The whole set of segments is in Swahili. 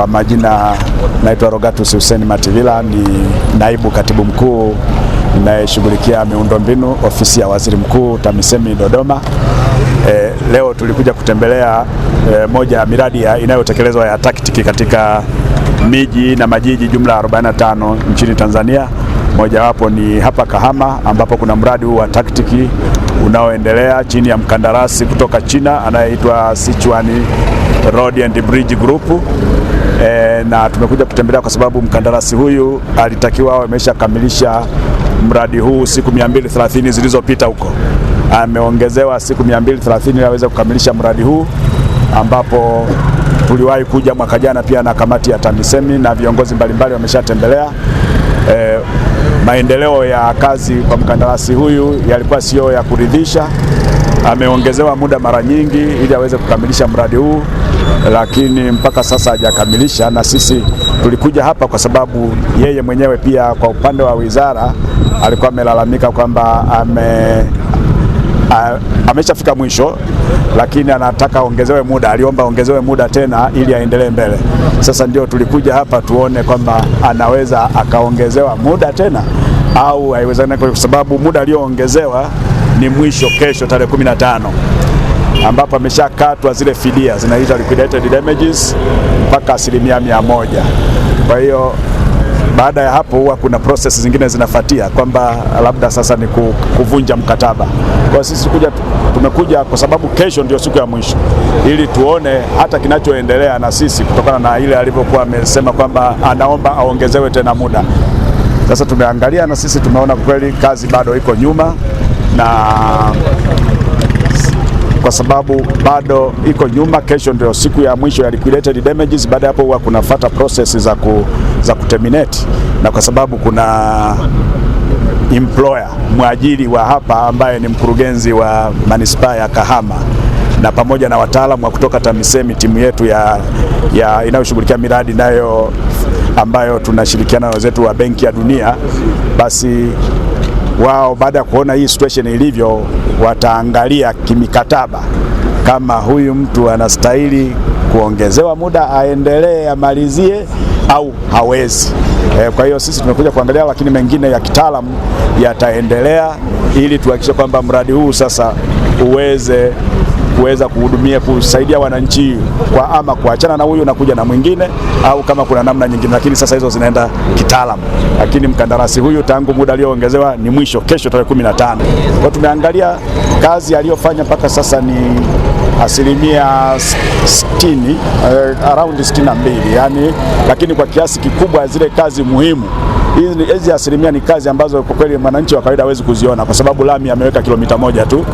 Kwa majina naitwa Rogatus Hussein mativila ni naibu katibu mkuu inayeshughulikia miundombinu ofisi ya waziri mkuu TAMISEMI Dodoma. E, leo tulikuja kutembelea e, moja ya miradi inayotekelezwa ya TACTIC katika miji na majiji jumla 45 nchini Tanzania. Mojawapo ni hapa Kahama ambapo kuna mradi huu wa TACTIC unaoendelea chini ya mkandarasi kutoka China anayeitwa Sichuan Road and Bridge Group e, na tumekuja kutembelea kwa sababu mkandarasi huyu alitakiwa awe ameshakamilisha mradi huu siku 230 zilizopita huko, ameongezewa siku 230 ili aweze kukamilisha mradi huu ambapo tuliwahi kuja mwaka jana pia na kamati ya TAMISEMI na viongozi mbalimbali wameshatembelea. E, maendeleo ya kazi kwa mkandarasi huyu yalikuwa sio ya kuridhisha. Ameongezewa muda mara nyingi ili aweze kukamilisha mradi huu lakini mpaka sasa hajakamilisha, na sisi tulikuja hapa kwa sababu yeye mwenyewe pia kwa upande wa wizara alikuwa amelalamika kwamba ame ameshafika mwisho, lakini anataka ongezewe muda. Aliomba ongezewe muda tena ili aendelee mbele. Sasa ndio tulikuja hapa tuone kwamba anaweza akaongezewa muda tena au haiwezekani, kwa sababu muda alioongezewa ni mwisho kesho tarehe kumi na tano ambapo ameshakatwa zile fidia zinaitwa liquidated damages mpaka asilimia mia moja. Kwa hiyo baada ya hapo huwa kuna process zingine zinafuatia kwamba labda sasa ni kuvunja mkataba. Kwa sisi kuja tumekuja kwa sababu kesho ndio siku ya mwisho, ili tuone hata kinachoendelea na sisi, kutokana na ile alivyokuwa amesema kwamba anaomba aongezewe tena muda. Sasa tumeangalia na sisi tumeona kweli kazi bado iko nyuma na kwa sababu bado iko nyuma. Kesho ndio siku ya mwisho ya liquidated damages. Baada ya hapo huwa kunafuata process za, ku, za kuterminate, na kwa sababu kuna employer mwajiri wa hapa ambaye ni mkurugenzi wa manispaa ya Kahama na pamoja na wataalamu wa kutoka TAMISEMI timu yetu ya, ya inayoshughulikia miradi nayo ambayo tunashirikiana na wenzetu wa Benki ya Dunia basi wao baada ya kuona hii situation ilivyo, wataangalia kimikataba kama huyu mtu anastahili kuongezewa muda aendelee amalizie au hawezi. E, kwa hiyo sisi tumekuja kuangalia, lakini mengine ya kitaalamu yataendelea ili tuhakikishe kwamba mradi huu sasa uweze kuweza kuhudumia kusaidia wananchi kwa ama kuachana na huyu na kuja na mwingine, au kama kuna namna nyingine, lakini sasa hizo zinaenda kitaalamu. Lakini mkandarasi huyu tangu muda alioongezewa ni mwisho kesho, tarehe 15. Kwa tumeangalia kazi aliyofanya mpaka sasa ni asilimia 60, uh, eh, around mbili yani, lakini kwa kiasi kikubwa zile kazi muhimu hizi asilimia ni kazi ambazo kwa kweli mwananchi wa kawaida hawezi kuziona, kwa sababu lami ameweka kilomita moja tu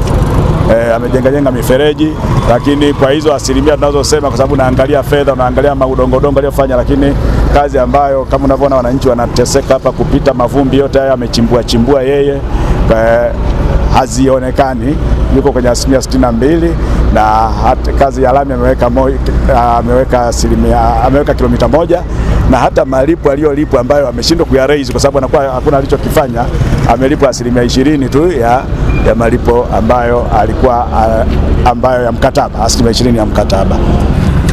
e, eh, amejengajenga mifereji, lakini kwa hizo asilimia tunazosema, kwa sababu naangalia fedha, naangalia maudongodongo aliyofanya, lakini kazi ambayo kama unavyoona wananchi wanateseka hapa kupita mavumbi yote haya amechimbua chimbua yeye eh, hazionekani yuko kwenye asilimia sitini na mbili na hata kazi ya lami ameweka ameweka asilimia ameweka kilomita moja na hata malipo aliyolipwa ambayo ameshindwa kuyaraise kwa sababu anakuwa hakuna alichokifanya amelipwa asilimia ishirini tu ya ya malipo ambayo alikuwa ambayo ya mkataba, asilimia ishirini ya mkataba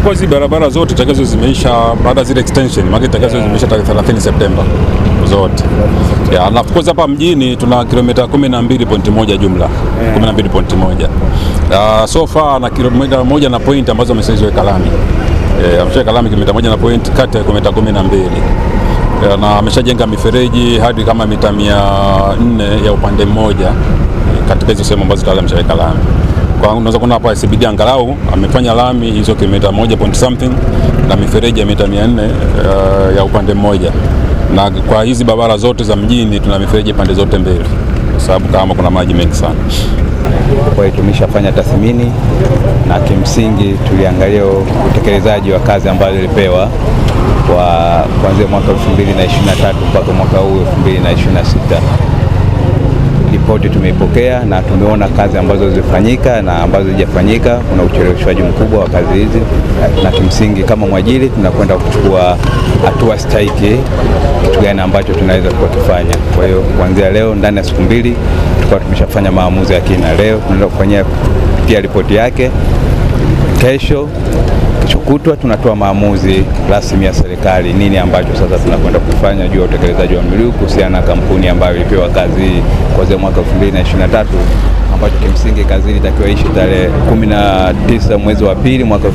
Kwa hizi barabara zote takazo zimeisha baada zile extension maana takazo zimeisha tarehe 30 Septemba zote. ya na of course hapa mjini tuna kilomita 12.1 jumla 12.1. Uh, ah, so far na kilomita moja na point ambazo ameshaziweka lami. Eh, ameshaweka lami kilomita moja na point kati ya kilomita 12 eh, na ameshajenga mifereji hadi kama mita mia nne ya upande mmoja katika hizo sehemu ambazo tayari ameshaweka lami. Kwa hiyo unaweza kuona hapa CBD angalau amefanya lami hizo kilomita moja point something na mifereji ya mita 400 uh, ya upande mmoja, na kwa hizi barabara zote za mjini tuna mifereji pande zote mbili, kwa sababu kama kuna maji mengi sana kwa hiyo tumeshafanya tathmini na kimsingi tuliangalia utekelezaji wa kazi ambayo ilipewa kwa kuanzia mwaka 2023 mpaka mwaka huu 2026 ripoti tumeipokea na tumeona kazi ambazo zimefanyika na ambazo zijafanyika. Kuna ucheleweshwaji mkubwa wa kazi hizi, na kimsingi kama mwajiri tunakwenda kuchukua hatua stahiki, kitu gani ambacho tunaweza kufanya. Kwa hiyo kuanzia leo, ndani ya siku mbili tutakuwa tumeshafanya maamuzi ya kina. Leo tunaenda kufanyia pia ripoti yake kesho kutwa tunatoa maamuzi rasmi ya serikali, nini ambacho sasa tunakwenda kufanya juu ya utekelezaji wa Mliu kuhusiana na kampuni ambayo ilipewa kazi kuanzia mwaka 2023 ambacho kimsingi kazi ilitakiwa ishi tarehe 19 mwezi wa pili mwaka